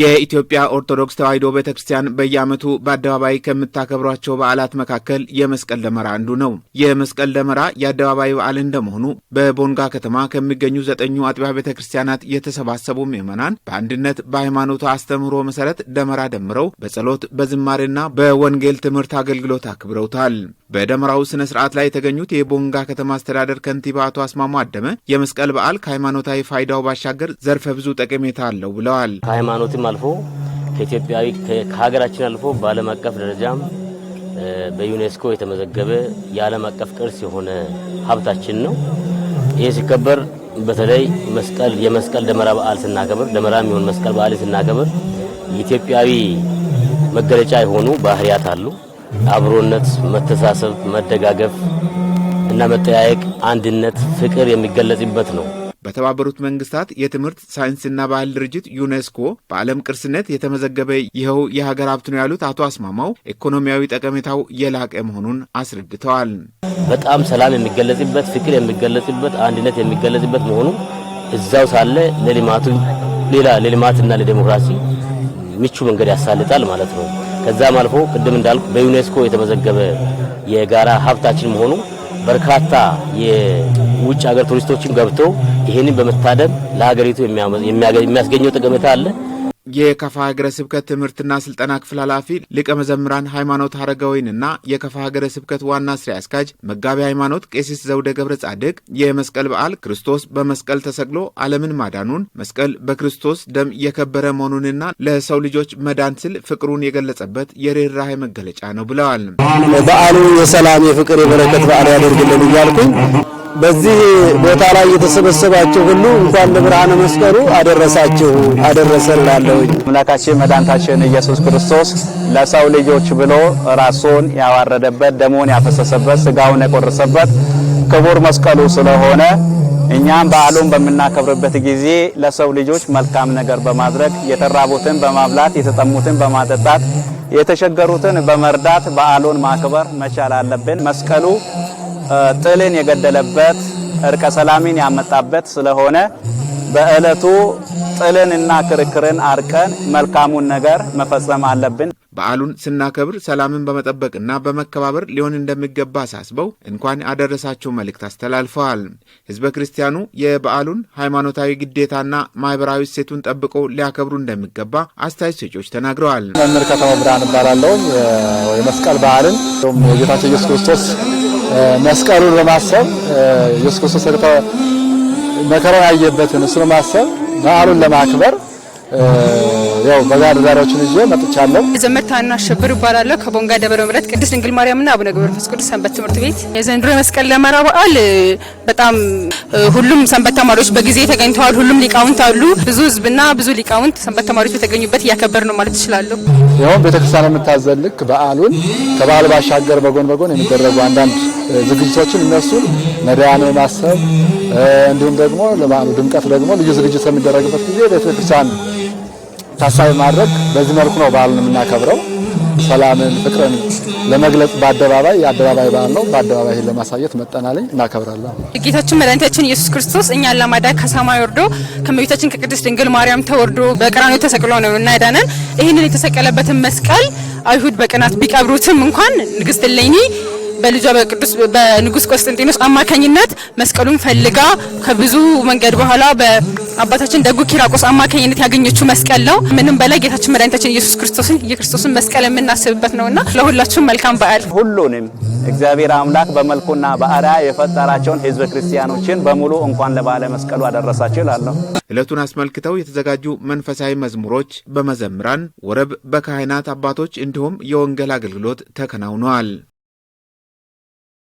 የኢትዮጵያ ኦርቶዶክስ ተዋሕዶ ቤተ ክርስቲያን በየዓመቱ በአደባባይ ከምታከብሯቸው በዓላት መካከል የመስቀል ደመራ አንዱ ነው። የመስቀል ደመራ የአደባባይ በዓል እንደመሆኑ በቦንጋ ከተማ ከሚገኙ ዘጠኙ አጥቢያ ቤተ ክርስቲያናት የተሰባሰቡ ምዕመናን በአንድነት በሃይማኖቱ አስተምህሮ መሰረት ደመራ ደምረው በጸሎት በዝማሬና በወንጌል ትምህርት አገልግሎት አክብረውታል። በደመራው ስነ ስርዓት ላይ የተገኙት የቦንጋ ከተማ አስተዳደር ከንቲባ አቶ አስማሙ አደመ የመስቀል በዓል ከሃይማኖታዊ ፋይዳው ባሻገር ዘርፈ ብዙ ጠቀሜታ አለው ብለዋል። ከሀገራችንም አልፎ ከኢትዮጵያዊ ከሀገራችን አልፎ በዓለም አቀፍ ደረጃም በዩኔስኮ የተመዘገበ የዓለም አቀፍ ቅርስ የሆነ ሀብታችን ነው። ይህ ሲከበር በተለይ መስቀል የመስቀል ደመራ በዓል ስናከብር ደመራ የሚሆን መስቀል በዓል ስናከብር ኢትዮጵያዊ መገለጫ የሆኑ ባህሪያት አሉ። አብሮነት፣ መተሳሰብ፣ መደጋገፍ እና መጠያየቅ፣ አንድነት፣ ፍቅር የሚገለጽበት ነው። በተባበሩት መንግስታት የትምህርት ሳይንስና ባህል ድርጅት ዩኔስኮ በዓለም ቅርስነት የተመዘገበ ይኸው የሀገር ሀብት ነው ያሉት አቶ አስማማው ኢኮኖሚያዊ ጠቀሜታው የላቀ መሆኑን አስረድተዋል። በጣም ሰላም የሚገለጽበት፣ ፍቅር የሚገለጽበት፣ አንድነት የሚገለጽበት መሆኑ እዛው ሳለ ለልማቱ ሌላ ለልማትና ለዴሞክራሲ ምቹ መንገድ ያሳልጣል ማለት ነው። ከዛም አልፎ ቅድም እንዳልኩ በዩኔስኮ የተመዘገበ የጋራ ሀብታችን መሆኑ በርካታ ውጭ ሀገር ቱሪስቶችም ገብተው ይሄንን በመታደም ለሀገሪቱ የሚያስገኘው ጠቀሜታ አለ። የከፋ ሀገረ ስብከት ትምህርትና ስልጠና ክፍል ኃላፊ ሊቀ መዘምራን ሃይማኖት አረጋዊንና የከፋ ሀገረ ስብከት ዋና ስራ አስኪያጅ መጋቢ ሃይማኖት ቄሲስ ዘውደ ገብረ ጻድቅ የመስቀል በዓል ክርስቶስ በመስቀል ተሰቅሎ ዓለምን ማዳኑን መስቀል በክርስቶስ ደም የከበረ መሆኑንና ለሰው ልጆች መዳን ስል ፍቅሩን የገለጸበት የርኅራኄ መገለጫ ነው ብለዋል። በዓሉ የሰላም የፍቅር፣ የበረከት በዓል ያደርግልን እያልኩኝ በዚህ ቦታ ላይ የተሰበሰባችሁ ሁሉ እንኳን ለብርሃነ መስቀሉ አደረሳችሁ አደረሰን አምላካችን መድኃኒታችን ኢየሱስ ክርስቶስ ለሰው ልጆች ብሎ ራሱን ያዋረደበት ደሞን ያፈሰሰበት ስጋውን የቆረሰበት ክቡር መስቀሉ ስለሆነ እኛም በዓሉን በምናከብርበት ጊዜ ለሰው ልጆች መልካም ነገር በማድረግ የተራቡትን በማብላት የተጠሙትን በማጠጣት የተቸገሩትን በመርዳት በዓሉን ማክበር መቻል አለብን። መስቀሉ ጥልን የገደለበት እርቀ ሰላምን ያመጣበት ስለሆነ በእለቱ ጥልንና ክርክርን አርቀን መልካሙን ነገር መፈጸም አለብን። በዓሉን ስናከብር ሰላምን በመጠበቅና በመከባበር ሊሆን እንደሚገባ አሳስበው እንኳን አደረሳቸው መልእክት አስተላልፈዋል። ህዝበ ክርስቲያኑ የበዓሉን ሃይማኖታዊ ግዴታና ማህበራዊ እሴቱን ጠብቆ ሊያከብሩ እንደሚገባ አስተያየት ሰጪዎች ተናግረዋል። መምህር ከተማ ብርሃን እባላለሁ። የመስቀል በዓልን የጌታችን ኢየሱስ ክርስቶስ መስቀሉን በማሰብ ኢየሱስ ክርስቶስ መከራ ያየበትን እሱ በማሰብ በዓሉን ለማክበር ያው በጋ ዳዳሪዎችን ይዤ መጥቻለሁ። የዘመድ ታናሽ ሽብር ይባላለሁ። ከቦንጋ ደብረ ምሕረት ቅድስት ድንግል ማርያምና አቡነ ገብረ መንፈስ ቅዱስ ሰንበት ትምህርት ቤት የዘንድሮ የመስቀል ደመራ በዓል በጣም ሁሉም ሰንበት ተማሪዎች በጊዜ ተገኝተዋል። ሁሉም ሊቃውንት አሉ። ብዙ ህዝብና ብዙ ሊቃውንት ሰንበት ተማሪዎች በተገኙበት እያከበር ነው ማለት እችላለሁ። ይኸውም ቤተክርስቲያን የምታዘልክ በዓሉን ከበዓል ባሻገር በጎን በጎን የሚደረጉ አንዳንድ ዝግጅቶችን እነሱን ነዳያን የማሰብ እንዲሁም ደግሞ ለበዓሉ ድምቀት ደግሞ ልዩ ዝግጅት የሚደረግበት ጊዜ ቤተክርስቲያን ታሳቢ ማድረግ በዚህ መልኩ ነው በዓልን የምናከብረው። ሰላምን፣ ፍቅርን ለመግለጽ በአደባባይ የአደባባይ በዓል ነው። በአደባባይ ለማሳየት መጠናለኝ እናከብራለን። ጌታችን መድኃኒታችን ኢየሱስ ክርስቶስ እኛን ለማዳን ከሰማይ ወርዶ ከመቤታችን ከቅድስት ድንግል ማርያም ተወርዶ በቀራንዮ ተሰቅሎ ነው እናዳነን። ይህንን የተሰቀለበትን መስቀል አይሁድ በቅናት ቢቀብሩትም እንኳን ንግስት እሌኒ በልጇ በቅዱስ በንጉስ ቆስጠንጢኖስ አማካኝነት መስቀሉን ፈልጋ ከብዙ መንገድ በኋላ በአባታችን ደጉ ኪራቆስ አማካኝነት ያገኘችው መስቀል ነው። ምንም በላይ ጌታችን መድኃኒታችን ኢየሱስ ክርስቶስን የክርስቶስን መስቀል የምናስብበት ነውና ለሁላችሁም መልካም በዓል። ሁሉንም እግዚአብሔር አምላክ በመልኩና በአርአያ የፈጠራቸውን ህዝበ ክርስቲያኖችን በሙሉ እንኳን ለበዓለ መስቀሉ አደረሳችሁ ይላለሁ። ዕለቱን አስመልክተው የተዘጋጁ መንፈሳዊ መዝሙሮች በመዘምራን ወረብ፣ በካህናት አባቶች እንዲሁም የወንጌል አገልግሎት ተከናውነዋል።